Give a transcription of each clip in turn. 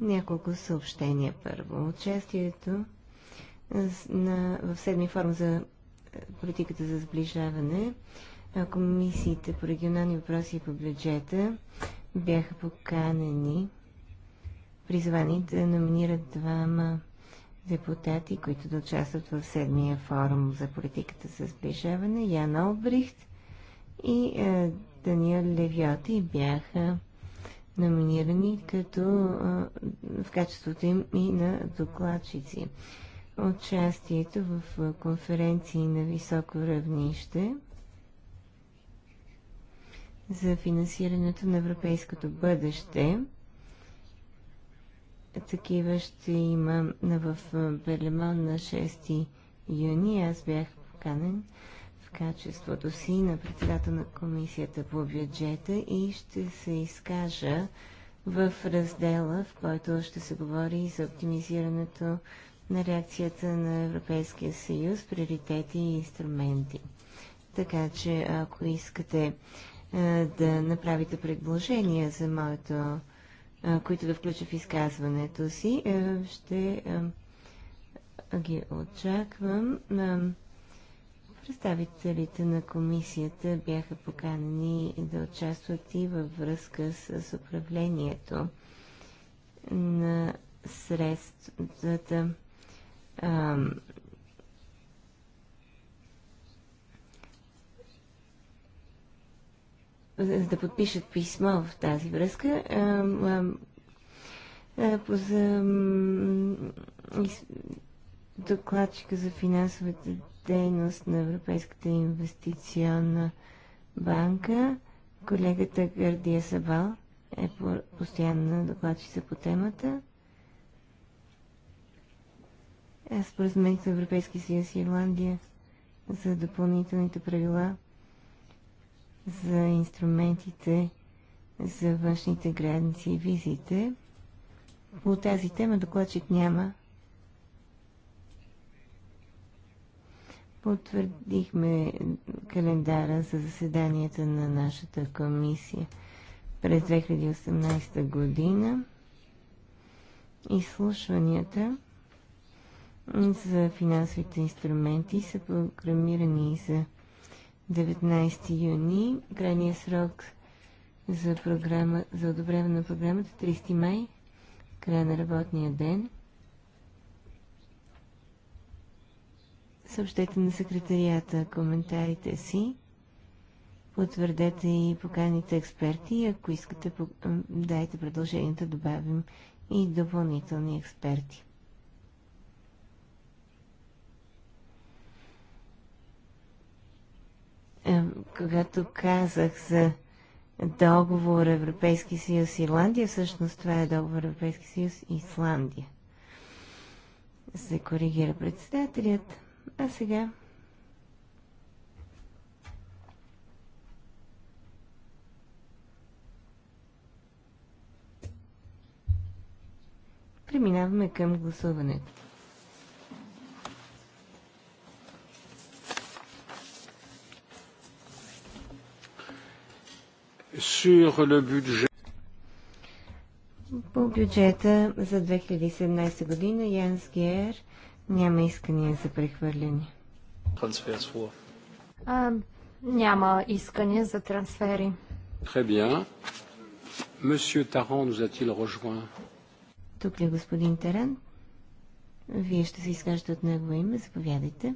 Няколко съобщения първо. Участието на, в седми форма за е, политиката за сближаване, комисиите по регионални въпроси и по бюджета бяха поканени, призвани да номинират двама депутати, които да участват в седмия форум за политиката за сближаване. Ян Олбрихт и е, Даниел Левиоти бяха номинирани като в качеството им и на докладчици. Участието в конференции на високо равнище за финансирането на европейското бъдеще. Такива ще има в Берлемон на 6 юни. Аз бях поканен качеството си на председател на Комисията по бюджета и ще се изкажа в раздела, в който ще се говори за оптимизирането на реакцията на Европейския съюз, приоритети и инструменти. Така че, ако искате е, да направите предложения за моето, е, които да включа в изказването си, е, ще ги очаквам. Представителите на комисията бяха поканени да участват и във връзка с управлението на средствата за да подпишат писмо в тази връзка а, а, а, за, из, докладчика за финансовата дейност на Европейската инвестиционна банка. Колегата Гърдия Сабал е постоянна докладчица по темата. Аз споразумението на Европейския съюз и Ирландия за допълнителните правила за инструментите за външните граници и визите. По тази тема докладчик няма, потвърдихме календара за заседанията на нашата комисия през 2018 година. Изслушванията за финансовите инструменти са програмирани за 19 юни. Крайният срок за, програма, за одобряване на програмата 30 е май, края на работния ден – съобщете на секретарията коментарите си, потвърдете и поканите експерти. Ако искате, дайте предложение да добавим и допълнителни експерти. Е, когато казах за договор Европейски съюз Ирландия, всъщност това е договор Европейски съюз Исландия. Се коригира председателят. А сега... Преминаваме към гласуването. По бюджета за 2017 година Янс Гер няма искания за прехвърляне. А, няма искания за трансфери. Monsieur Tarant nous a-t-il rejoint? Тук ли е господин Таран? Вие ще се изкажете от негово име. Заповядайте.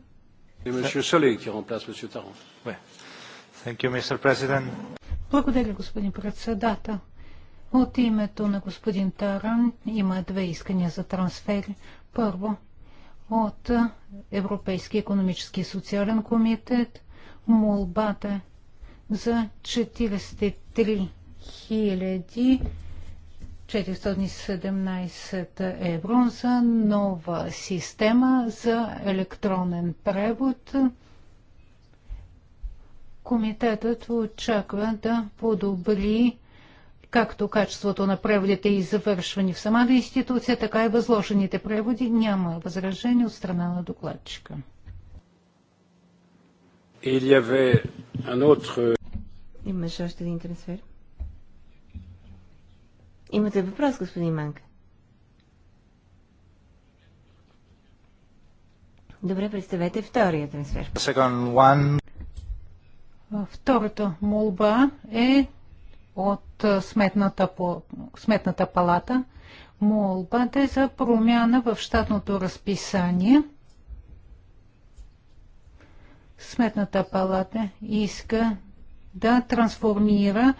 Благодаря, господин председател. От името на господин Таран има две искания за трансфери. Първо, от Европейския економически и социален комитет молбата за 43 417 евро за нова система за електронен превод. Комитетът очаква да подобри както качеството на преводите е и завършвани в самата институция, така и възложените преводи. Няма възражение от страна на докладчика. Имаше още един трансфер. Имате въпрос, господин Манка? Добре, представете втория трансфер. Втората молба е от Сметната, по, сметната палата. Молбата е за промяна в щатното разписание. Сметната палата иска да трансформира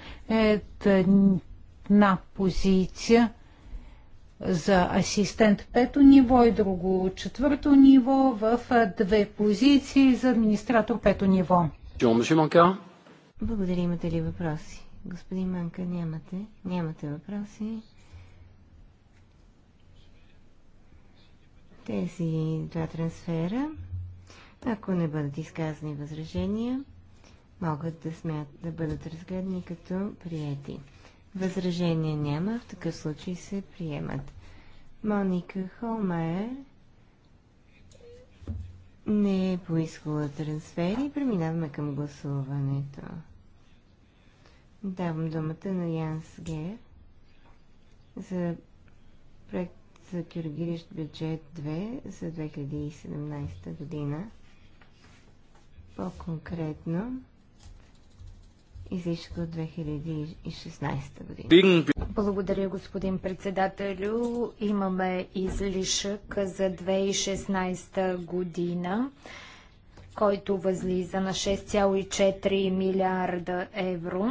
една позиция за асистент пето ниво и друго четвърто ниво в две позиции за администратор пето ниво. Благодаря, имате ли въпроси? Господин Манка, нямате, нямате въпроси. Тези два трансфера, ако не бъдат изказани възражения, могат да, смят, да бъдат разгледани като приети. Възражения няма, в такъв случай се приемат. Моника Холмайер не е поискала трансфери. Преминаваме към гласуването. Давам думата на Янс Ге за проект за коригиращ бюджет 2 за 2017 година. По-конкретно излишка от 2016 година. Благодаря, господин председателю. Имаме излишък за 2016 година, който възлиза на 6,4 милиарда евро.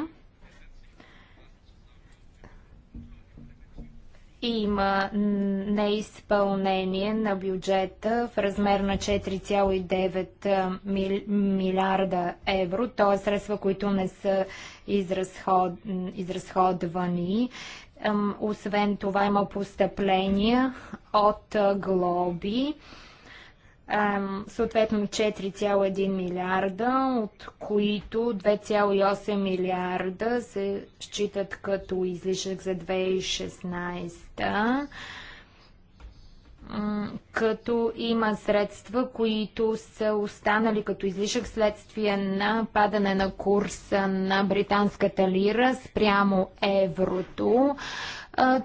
Има неизпълнение на бюджета в размер на 4,9 милиарда евро, т.е. средства, които не са изразход, изразходвани. Освен това има постъпления от глоби съответно 4,1 милиарда, от които 2,8 милиарда се считат като излишък за 2016 като има средства, които са останали като излишък следствие на падане на курса на британската лира спрямо еврото.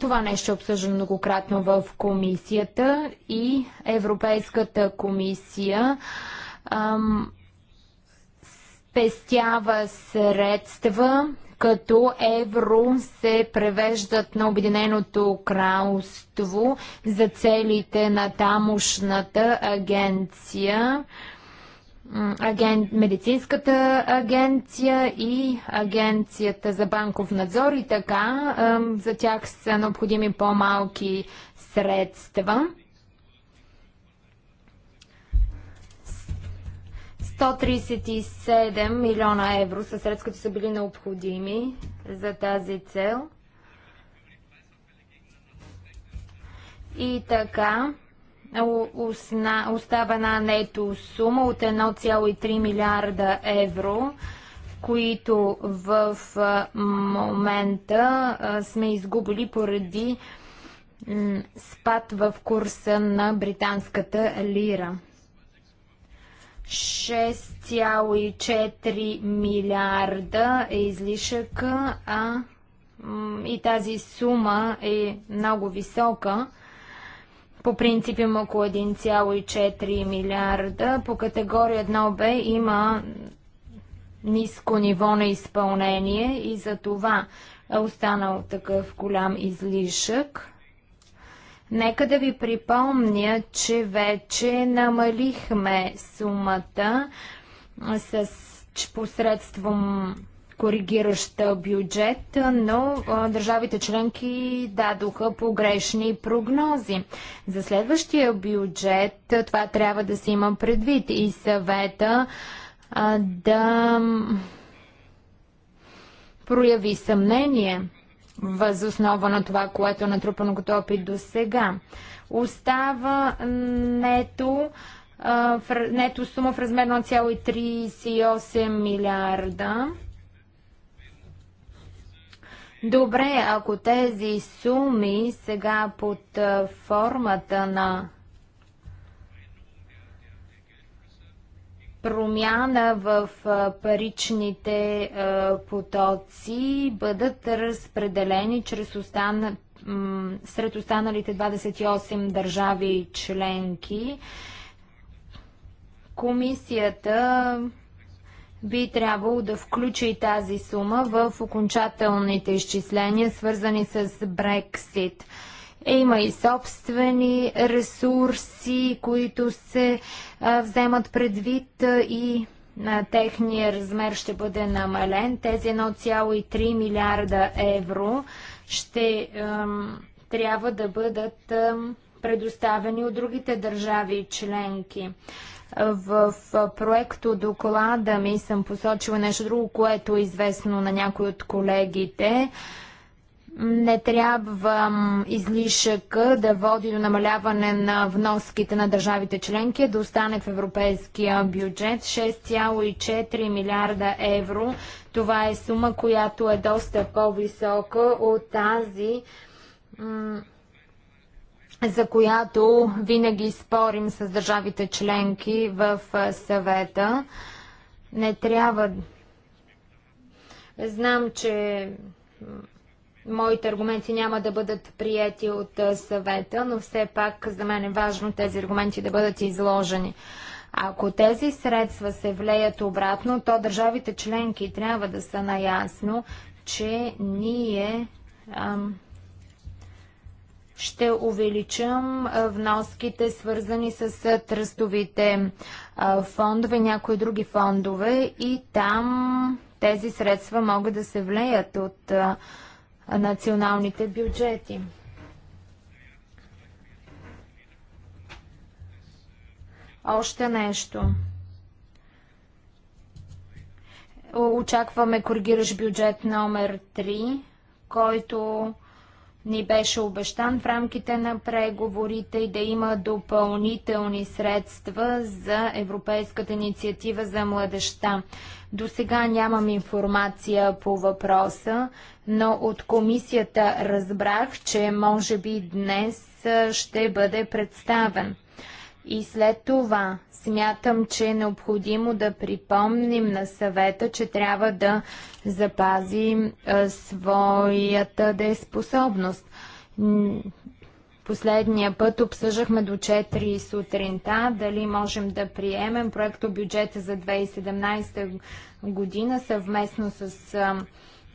Това нещо е обсъждано многократно в комисията и Европейската комисия спестява средства, като евро се превеждат на Обединеното кралство за целите на тамошната агенция аген... медицинската агенция и агенцията за банков надзор и така. за тях са необходими по-малки средства. 137 милиона евро са средства, които са били необходими за тази цел. И така, остава една нето сума от 1,3 милиарда евро, които в момента сме изгубили поради спад в курса на британската лира. 6,4 милиарда е излишък, а и тази сума е много висока – по принцип има около 1,4 милиарда. По категория 1Б има ниско ниво на изпълнение и за това е останал такъв голям излишък. Нека да ви припомня, че вече намалихме сумата с посредством коригиращ бюджет, но държавите членки дадоха погрешни прогнози. За следващия бюджет това трябва да се има предвид и съвета да прояви съмнение възоснова на това, което е натрупано като опит до сега. Остава нето, нето сума в размер на 1,38 милиарда. Добре, ако тези суми сега под формата на промяна в паричните потоци бъдат разпределени чрез остан... сред останалите 28 държави членки. Комисията би трябвало да включи тази сума в окончателните изчисления, свързани с Брексит. Е, има и собствени ресурси, които се а, вземат предвид а, и на техния размер ще бъде намален. Тези 1,3 милиарда евро ще а, трябва да бъдат. А, предоставени от другите държави и членки. В проекто доклада ми съм посочила нещо друго, което е известно на някои от колегите. Не трябва излишък да води до намаляване на вноските на държавите членки, да остане в европейския бюджет 6,4 милиарда евро. Това е сума, която е доста по-висока от тази за която винаги спорим с държавите членки в съвета. Не трябва. Знам, че моите аргументи няма да бъдат прияти от съвета, но все пак за мен е важно тези аргументи да бъдат изложени. Ако тези средства се влеят обратно, то държавите членки трябва да са наясно, че ние ам, ще увеличам вноските, свързани с тръстовите фондове, някои други фондове и там тези средства могат да се влеят от националните бюджети. Още нещо. Очакваме коригираш бюджет номер 3, който ни беше обещан в рамките на преговорите и да има допълнителни средства за Европейската инициатива за младеща. До сега нямам информация по въпроса, но от комисията разбрах, че може би днес ще бъде представен. И след това смятам, че е необходимо да припомним на съвета, че трябва да запазим а, своята дееспособност. Последния път обсъждахме до 4 сутринта дали можем да приемем проекто бюджета за 2017 година съвместно с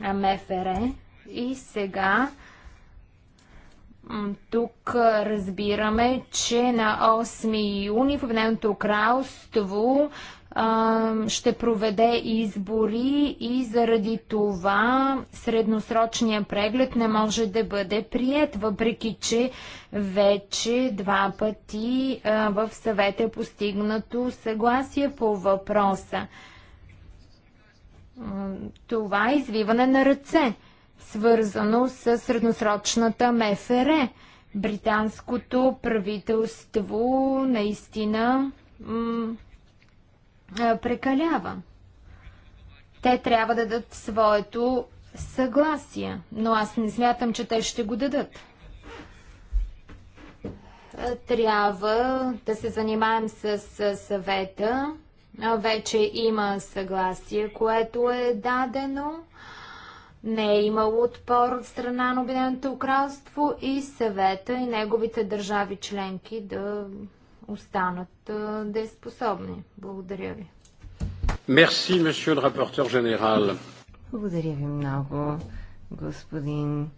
е, МФР. И сега тук разбираме, че на 8 юни в Обединеното кралство ще проведе избори и заради това средносрочния преглед не може да бъде прият, въпреки че вече два пъти в съвет е постигнато съгласие по въпроса. Това е извиване на ръце свързано с средносрочната МФР. Британското правителство наистина прекалява. Те трябва да дадат своето съгласие, но аз не смятам, че те ще го дадат. Трябва да се занимаем с, с съвета. Вече има съгласие, което е дадено не е имало отпор от страна на Обединеното кралство и съвета и неговите държави членки да останат дееспособни. Благодаря ви. Мерси, месье рапортер генерал. Благодаря ви много, господин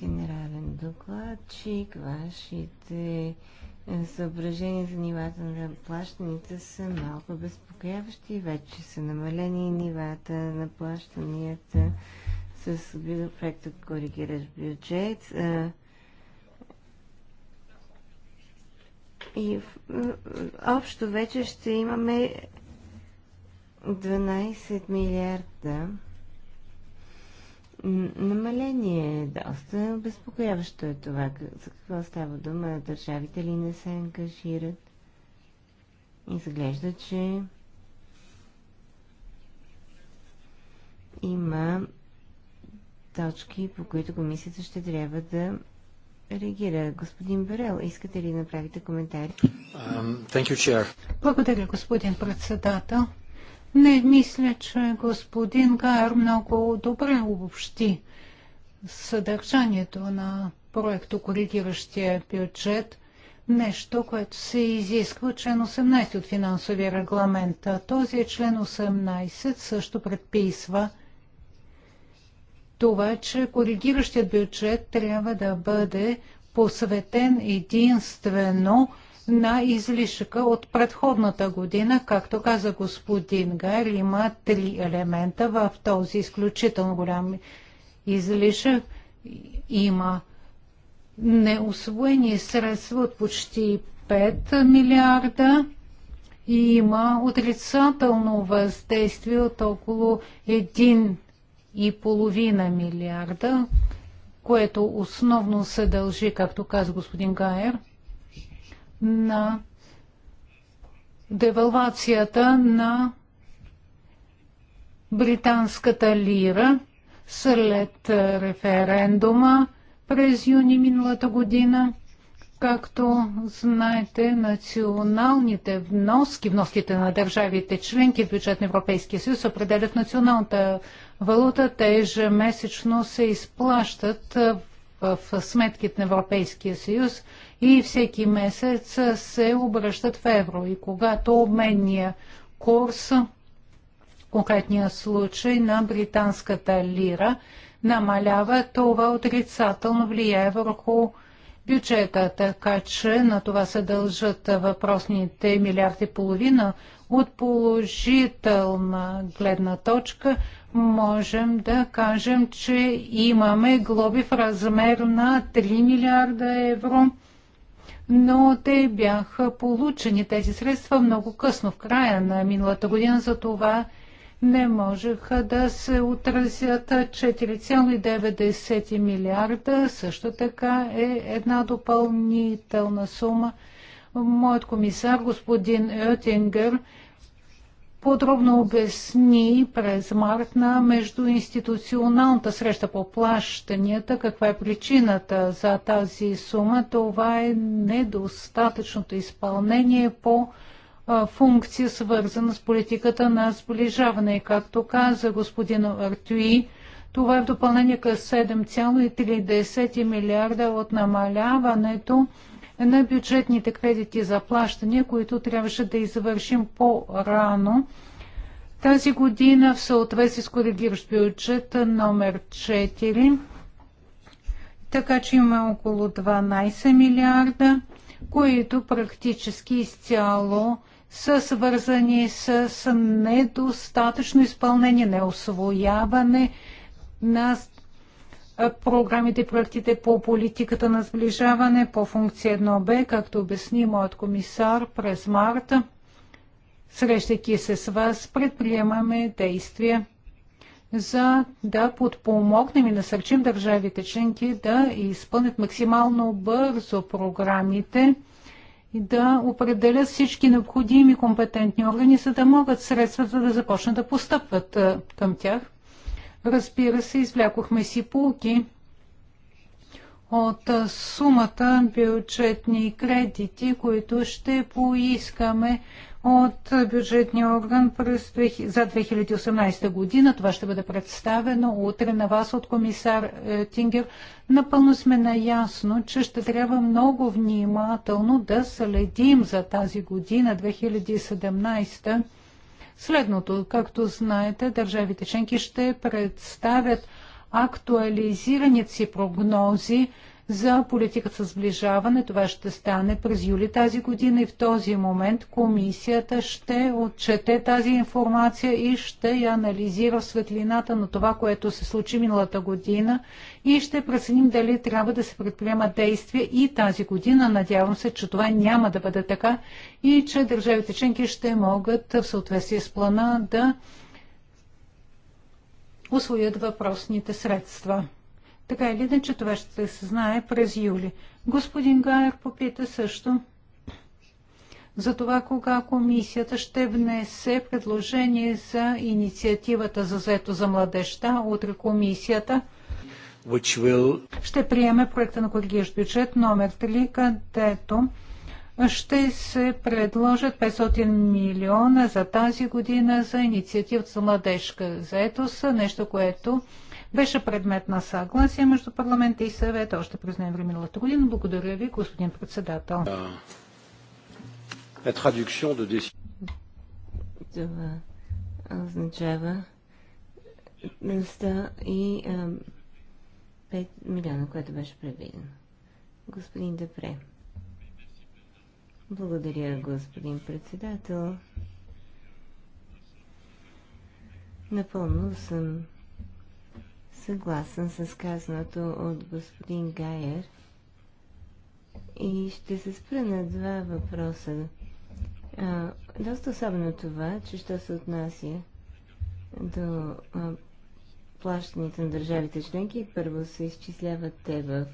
генерален докладчик. Вашите съображения за нивата на плащаните са малко безпокояващи. Вече са намалени нивата на плащанията с проекта коригираш бюджет. И общо вече ще имаме 12 милиарда намаление. е Доста безпокояващо е това. За какво става дума? Държавите ли не се ангажират? И че има точки, по които комисията ще трябва да реагира. Господин Берел, искате ли да направите коментари? Um, you, Благодаря, господин председател. Не, мисля, че господин Гайер много добре обобщи съдържанието на проекто коригиращия бюджет, нещо, което се изисква член 18 от финансовия регламент. А този член 18 също предписва това, че коригиращият бюджет трябва да бъде посветен единствено на излишъка от предходната година. Както каза господин Гар, има три елемента в този изключително голям излишък. Има неосвоени средства от почти 5 милиарда и има отрицателно въздействие от около 1,5 милиарда, което основно се дължи, както каза господин Гайер, на девалвацията на британската лира след референдума през юни миналата година. Както знаете, националните вноски, вноските на държавите членки в бюджет на Европейския съюз определят националната валута. Те ежемесечно се изплащат в сметките на Европейския съюз и всеки месец се обръщат в евро. И когато обменния курс, конкретния случай на британската лира, намалява, това отрицателно влияе върху бюджета, така че на това се дължат въпросните милиарди и половина. От положителна гледна точка можем да кажем, че имаме глоби в размер на 3 милиарда евро – но те бяха получени тези средства много късно, в края на миналата година, за това не можеха да се отразят 4,9 милиарда. Също така е една допълнителна сума. Моят комисар, господин Оттингер, подробно обясни през март на междуинституционалната среща по плащанията каква е причината за тази сума. Това е недостатъчното изпълнение по функция, свързана с политиката на сближаване. Както каза господин Артуи, това е в допълнение към 7,3 милиарда от намаляването на бюджетните кредити за плащания, които трябваше да извършим по-рано. Тази година в съответствие с коригиращ бюджет номер 4, така че има около 12 милиарда, които практически изцяло са свързани с недостатъчно изпълнение, неосвояване на е, програмите и проектите по политиката на сближаване по функция 1Б, както обясни моят комисар през марта. Срещайки се с вас, предприемаме действия за да подпомогнем и насърчим държавите членки да изпълнят максимално бързо програмите и да определят всички необходими компетентни органи, за да могат средствата да започнат да постъпват е, към тях. Разбира се, извлякохме си полки от сумата бюджетни кредити, които ще поискаме от бюджетния орган през, за 2018 година. Това ще бъде представено утре на вас от комисар Тингер. Напълно сме наясно, че ще трябва много внимателно да следим за тази година, 2017 следното. Както знаете, държавите членки ще представят актуализираните си прогнози за политиката за сближаване. Това ще стане през юли тази година и в този момент комисията ще отчете тази информация и ще я анализира в светлината на това, което се случи миналата година и ще преценим дали трябва да се предприемат действие и тази година. Надявам се, че това няма да бъде така и че държавите членки ще могат в съответствие с плана да освоят въпросните средства. Така или иначе това ще се знае през юли. Господин Гайер попита също за това кога комисията ще внесе предложение за инициативата за заето за младеща. Утре комисията will... ще приеме проекта на коригиращ бюджет номер 3, където ще се предложат 500 милиона за тази година за инициативата за младежка заетост, нещо, което беше предмет на съгласие между парламента и съвета още през ноември миналата година. Благодаря ви, господин председател. Това означава и 5 милиона, което беше предвидено. Господин Депре. Благодаря, господин председател. Напълно съм съгласен с казаното от господин Гайер и ще се спра на два въпроса. А, доста особено това, че що се отнася до а, плащането на държавите членки, първо се изчисляват те в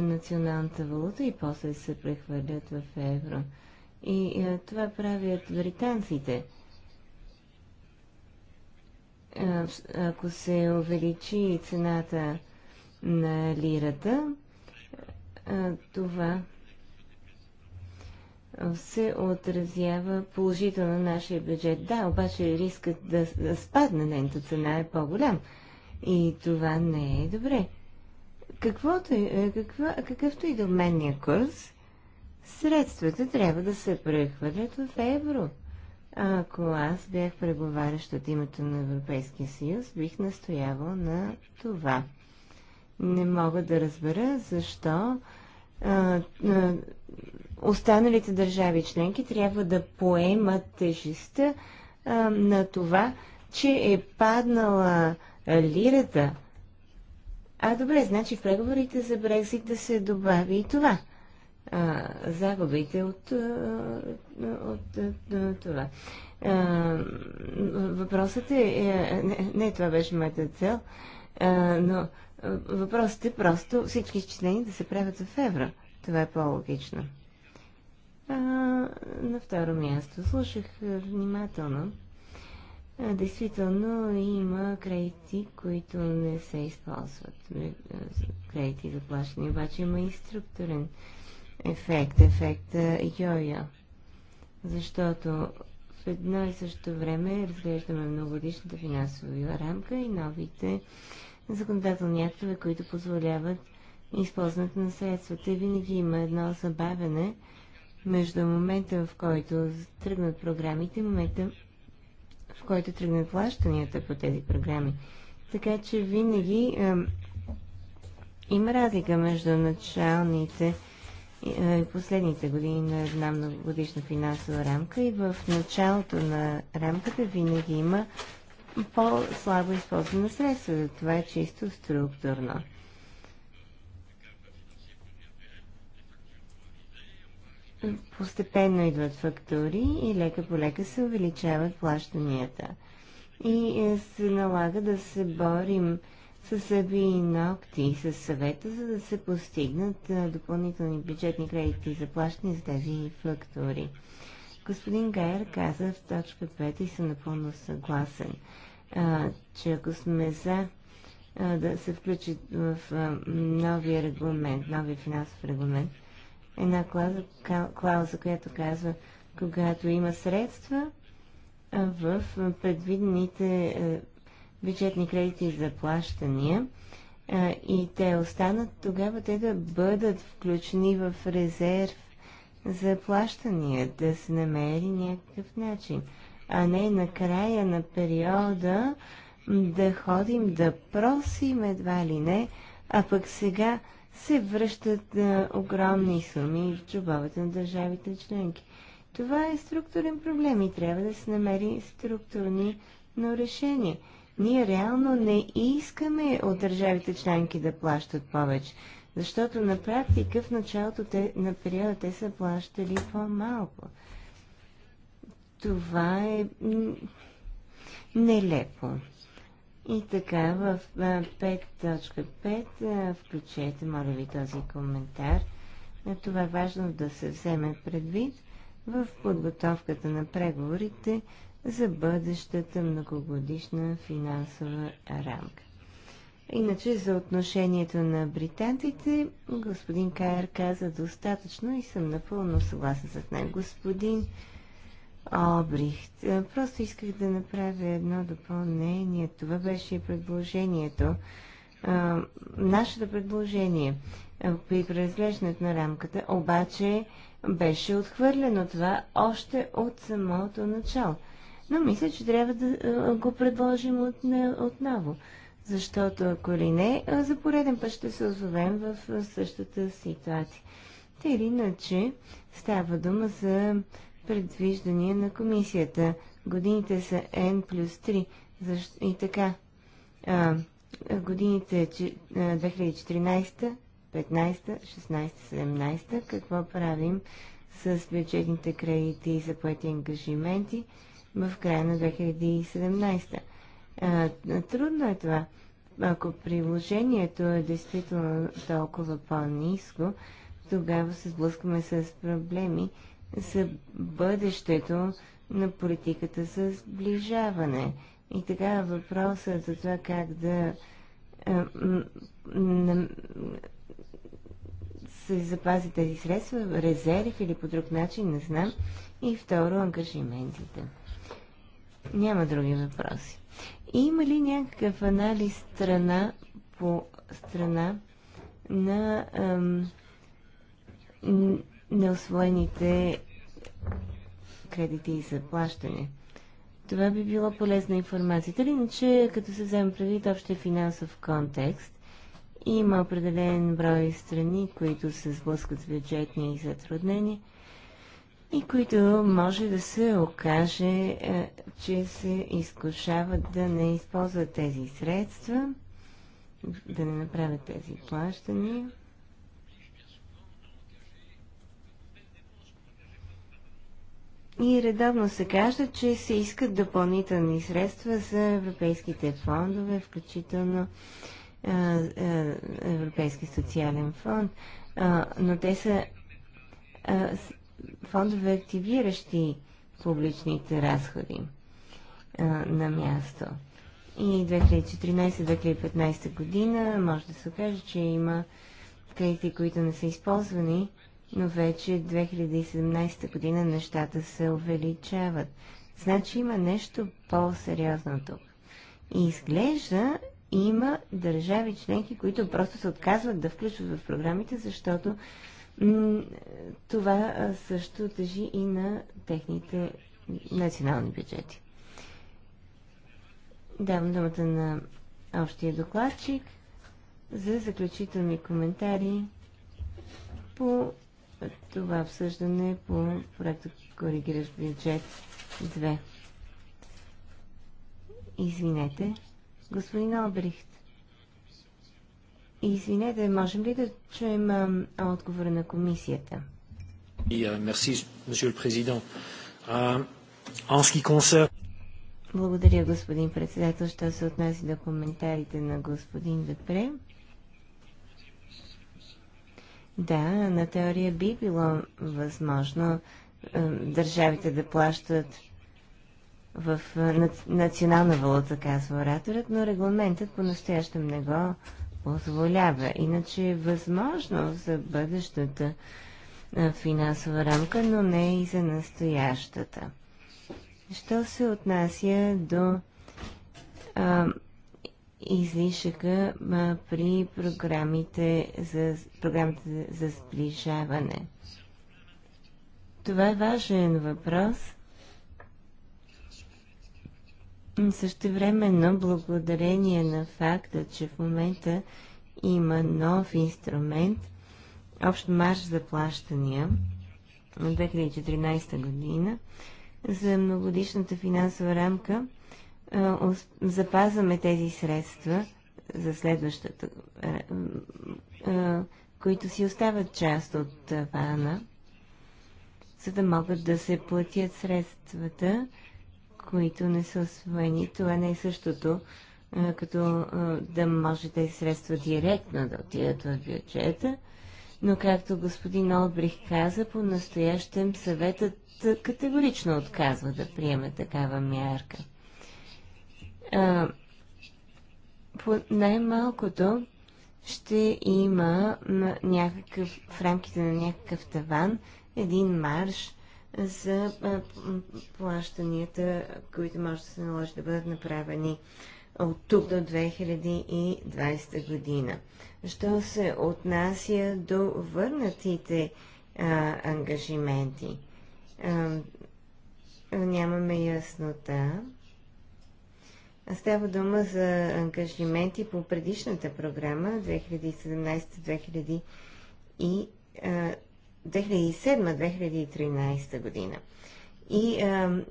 националната валута и после се прехвърлят в евро. И е, това правят британците. ако се увеличи цената на лирата, това се отразява положително на нашия бюджет. Да, обаче рискът да, да спадне нейната цена е по-голям. И това не е добре каквото, е, каква, какъвто и доменния е курс, средствата трябва да се прехвърлят в евро. А ако аз бях преговарящ от името на Европейския съюз, бих настоявал на това. Не мога да разбера защо а, а, останалите държави членки трябва да поемат тежестта а, на това, че е паднала лирата а добре, значи в преговорите за Брекзит да се добави и това. А, загубите от, от, от, от това. А, въпросът е, е, не, не това беше моята цел, а, но въпросът е просто всички изчисления да се правят в евро. Това е по-логично. на второ място слушах внимателно Действително има кредити, които не се използват. Кредити за плащане, обаче има и структурен ефект, ефекта йо-йо. Защото в едно и също време разглеждаме многогодишната финансова рамка и новите законодателни актове, които позволяват използването на средствата. И винаги има едно забавяне между момента, в който тръгнат програмите и момента, в който тръгнат плащанията по тези програми. Така че винаги е, има разлика между началните и последните години на една многогодишна финансова рамка и в началото на рамката винаги има по-слабо използване на средства. това е чисто структурно. постепенно идват фактури и лека по лека се увеличават плащанията. И е, се налага да се борим с зъби и ногти и с съвета, за да се постигнат е, допълнителни бюджетни кредити за плащане за тези фактури. Господин Гайер каза в точка 5 и съм напълно съгласен, че ако сме за да се включат в новия регламент, новия финансов регламент, една клауза, клауза, която казва, когато има средства в предвидените бюджетни кредити за плащания и те останат, тогава те да бъдат включени в резерв за плащания, да се намери някакъв начин, а не на края на периода да ходим да просим едва ли не, а пък сега се връщат а, е, огромни суми в чубовете на държавите членки. Това е структурен проблем и трябва да се намери структурни но решение. Ние реално не искаме от държавите членки да плащат повече, защото на практика в началото те, на периода те са плащали по-малко. Това е нелепо. И така, в 5.5 включете, моля ви, този коментар. На Това е важно да се вземе предвид в подготовката на преговорите за бъдещата многогодишна финансова рамка. Иначе за отношението на британците, господин Кайер каза достатъчно и съм напълно съгласен с него. Господин Обрихт. Е, просто исках да направя едно допълнение. Това беше предложението. нашето предложение е, при преразглеждането на рамката, обаче беше отхвърлено това още от самото начало. Но мисля, че трябва да е, го предложим от, отново. Защото ако ли не, за пореден път ще се озовем в същата ситуация. Те или иначе става дума за предвиждания на комисията. Годините са N плюс 3 Защо? и така. А, годините 2014, 15, 16, 17, какво правим с бюджетните кредити и заплати ангажименти в края на 2017. А, трудно е това. Ако приложението е действително толкова по-низко, тогава се сблъскваме с проблеми за бъдещето на политиката за сближаване. И така въпросът за това как да е, се запази тези средства, резерв или по друг начин, не знам. И второ, ангажиментите. Няма други въпроси. Има ли някакъв анализ страна по страна на неосвоените кредити и заплащане. Това би било полезна информация. Тъй иначе, като се вземе предвид общия финансов контекст, има определен брой страни, които се сблъскат с бюджетни затруднения и които може да се окаже, е, че се изкушават да не използват тези средства, да не направят тези плащания. И редовно се казва, че се искат допълнителни средства за европейските фондове, включително а, а, Европейски социален фонд, а, но те са фондове активиращи публичните разходи на място. И 2014-2015 година може да се окаже, че има кредити, които не са използвани но вече 2017 година нещата се увеличават. Значи има нещо по-сериозно тук. И изглежда има държави членки, които просто се отказват да включват в програмите, защото това също тежи и на техните национални бюджети. Давам думата на общия докладчик за заключителни коментари по това обсъждане по проекта Коригираш бюджет 2. Извинете, господин Албрихт. Извинете, можем ли да чуем отговора на комисията? Мерси, месье президент. Благодаря, господин председател. Що се отнася до коментарите на господин Депре? Да, на теория би било възможно е, държавите да плащат в е, национална валута, казва ораторът, но регламентът по-настоящем не го позволява. Иначе е възможно за бъдещата е, финансова рамка, но не и за настоящата. Що се отнася до е, излишъка при програмите за, програмите за сближаване. Това е важен въпрос. Също времено, благодарение на факта, че в момента има нов инструмент, общ марш за плащания на 2014 година, за многодишната финансова рамка – запазваме тези средства за следващата, които си остават част от тавана, за да могат да се платят средствата, които не са освоени. Това не е същото, като да може тези средства директно да отидат в бюджета, но както господин Олбрих каза, по настоящем съветът категорично отказва да приеме такава мярка – а, по най-малкото ще има някакъв, в рамките на някакъв таван, един марш за плащанията, които може да се наложи да бъдат направени от тук до 2020 година. Що се отнася до върнатите а, ангажименти? А, нямаме яснота Става дума за ангажименти по предишната програма 2017 2007-2013 година. И а,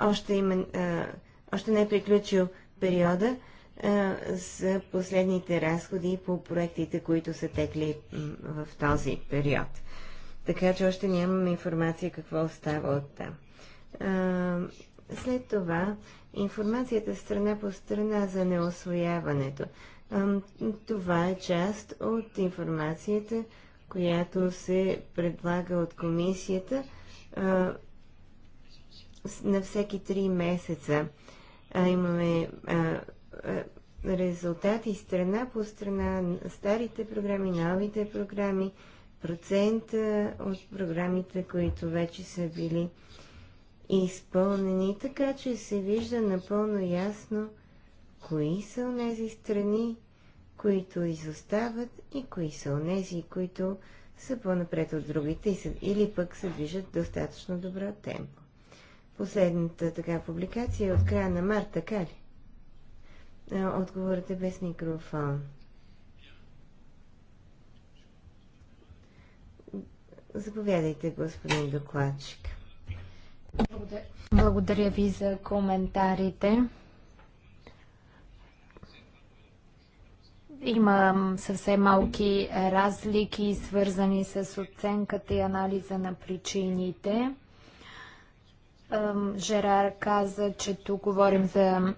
още, има, а, още не е приключил периода а, за последните разходи по проектите, които са текли в този период. Така че още нямаме информация какво остава от там. След това информацията страна по страна за неосвояването. Това е част от информацията, която се предлага от комисията на всеки три месеца. А, имаме резултати страна по страна, старите програми, новите програми, процента от програмите, които вече са били изпълнени, така че се вижда напълно ясно кои са онези страни, които изостават и кои са онези, които са по-напред от другите са, или пък се движат достатъчно добро темпо. Последната така публикация е от края на март, така ли? Отговорът е без микрофон. Заповядайте, господин докладчик. Благодаря, благодаря ви за коментарите. Има съвсем малки разлики, свързани с оценката и анализа на причините. Жерар каза, че тук говорим за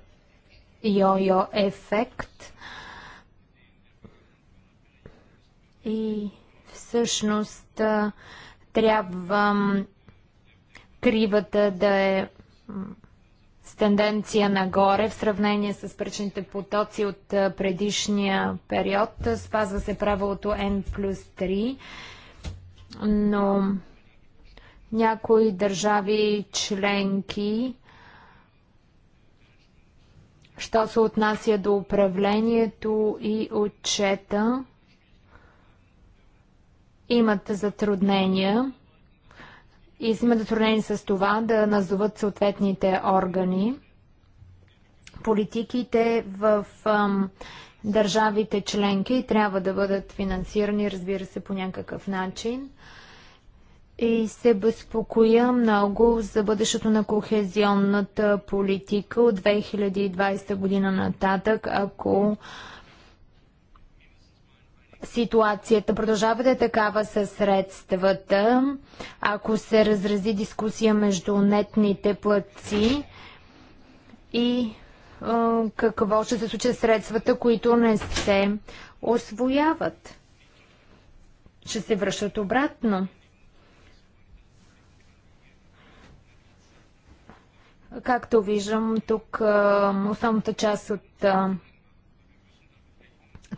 йо-йо ефект. И всъщност трябва кривата да е с тенденция нагоре в сравнение с пръчните потоци от предишния период. Спазва се правилото N плюс 3, но някои държави членки, що се отнася до управлението и отчета, имат затруднения и сме затруднени с това да назоват съответните органи. Политиките в ам, държавите членки трябва да бъдат финансирани, разбира се, по някакъв начин. И се безпокоя много за бъдещето на кохезионната политика от 2020 година нататък, ако ситуацията продължава да е такава със средствата. Ако се разрази дискусия между нетните платци и е, какво ще се случи с средствата, които не се освояват. Ще се връщат обратно. Както виждам, тук основната част от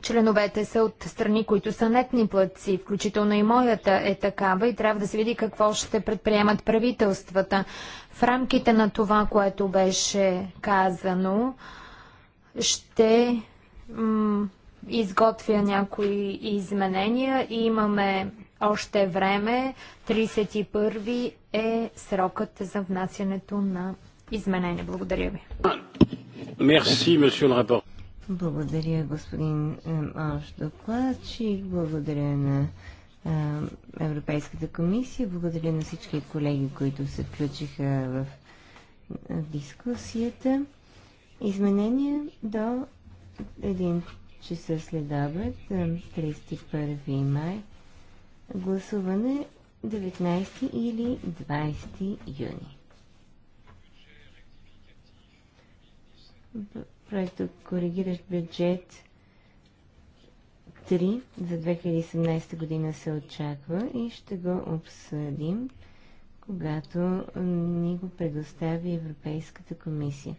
Членовете са от страни, които са нетни платци, включително и моята е такава и трябва да се види какво ще предприемат правителствата. В рамките на това, което беше казано, ще изготвя някои изменения и имаме още време. 31 е срокът за внасянето на изменения. Благодаря ви. Мерси, месье благодаря, господин Ош докладчик. Благодаря на Европейската комисия. Благодаря на всички колеги, които се включиха в, дискусията. Изменения до 1 часа след обед, 31 май. Гласуване 19 или 20 юни проектът коригиращ бюджет 3 за 2017 година се очаква и ще го обсъдим, когато ни го предостави Европейската комисия.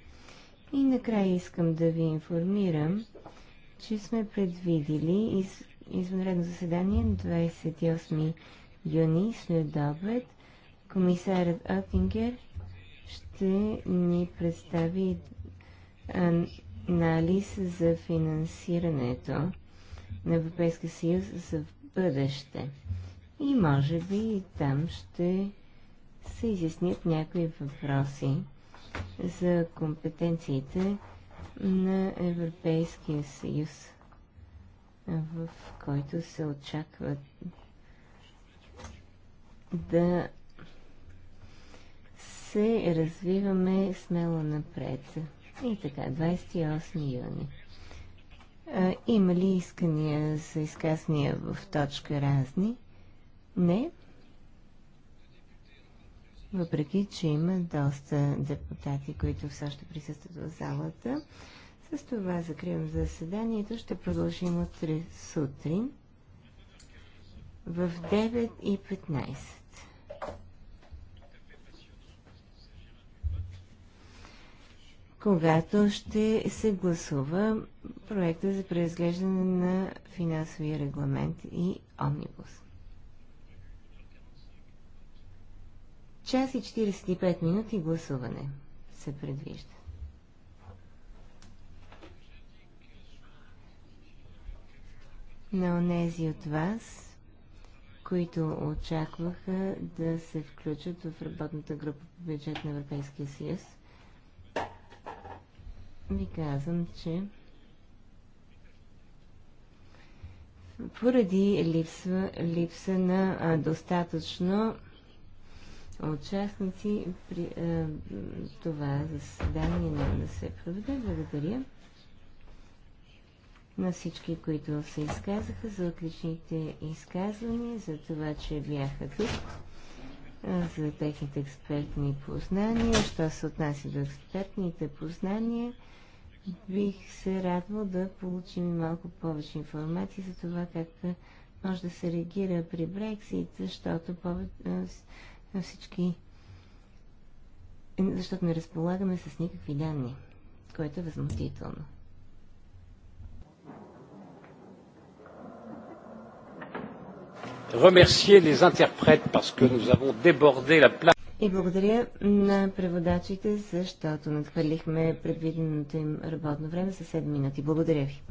И накрая искам да ви информирам, че сме предвидили из, извънредно заседание на 28 юни след обед. Комисарът Оттингер ще ни представи анализ за финансирането на Европейския съюз за бъдеще. И може би там ще се изяснят някои въпроси за компетенциите на Европейския съюз, в който се очакват да се развиваме смело напред. И така, 28 юни. А, има ли искания за изказния в точка разни? Не. Въпреки, че има доста депутати, които все още присъстват в залата. С това закривам заседанието. Ще продължим утре сутрин в 9.15. когато ще се гласува проекта за преразглеждане на финансовия регламент и омнибус. Час и 45 минути гласуване се предвижда. На онези от вас, които очакваха да се включат в работната група по бюджет на Европейския съюз, ви казвам, че поради липса, липса на а, достатъчно участници при а, това заседание няма да се проведе. Благодаря на всички, които се изказаха за отличните изказвания, за това, че бяха тук за техните експертни познания. Що се отнася до експертните познания, бих се радвал да получим малко повече информация за това как може да се реагира при Брексит, защото повече, всички защото не разполагаме с никакви данни, което е възмутително. remercier les interprètes parce que nous avons débordé la place. И благодаря на преводачите, защото надхвърлихме предвиденото им работно време със 7 минути. Благодаря ви.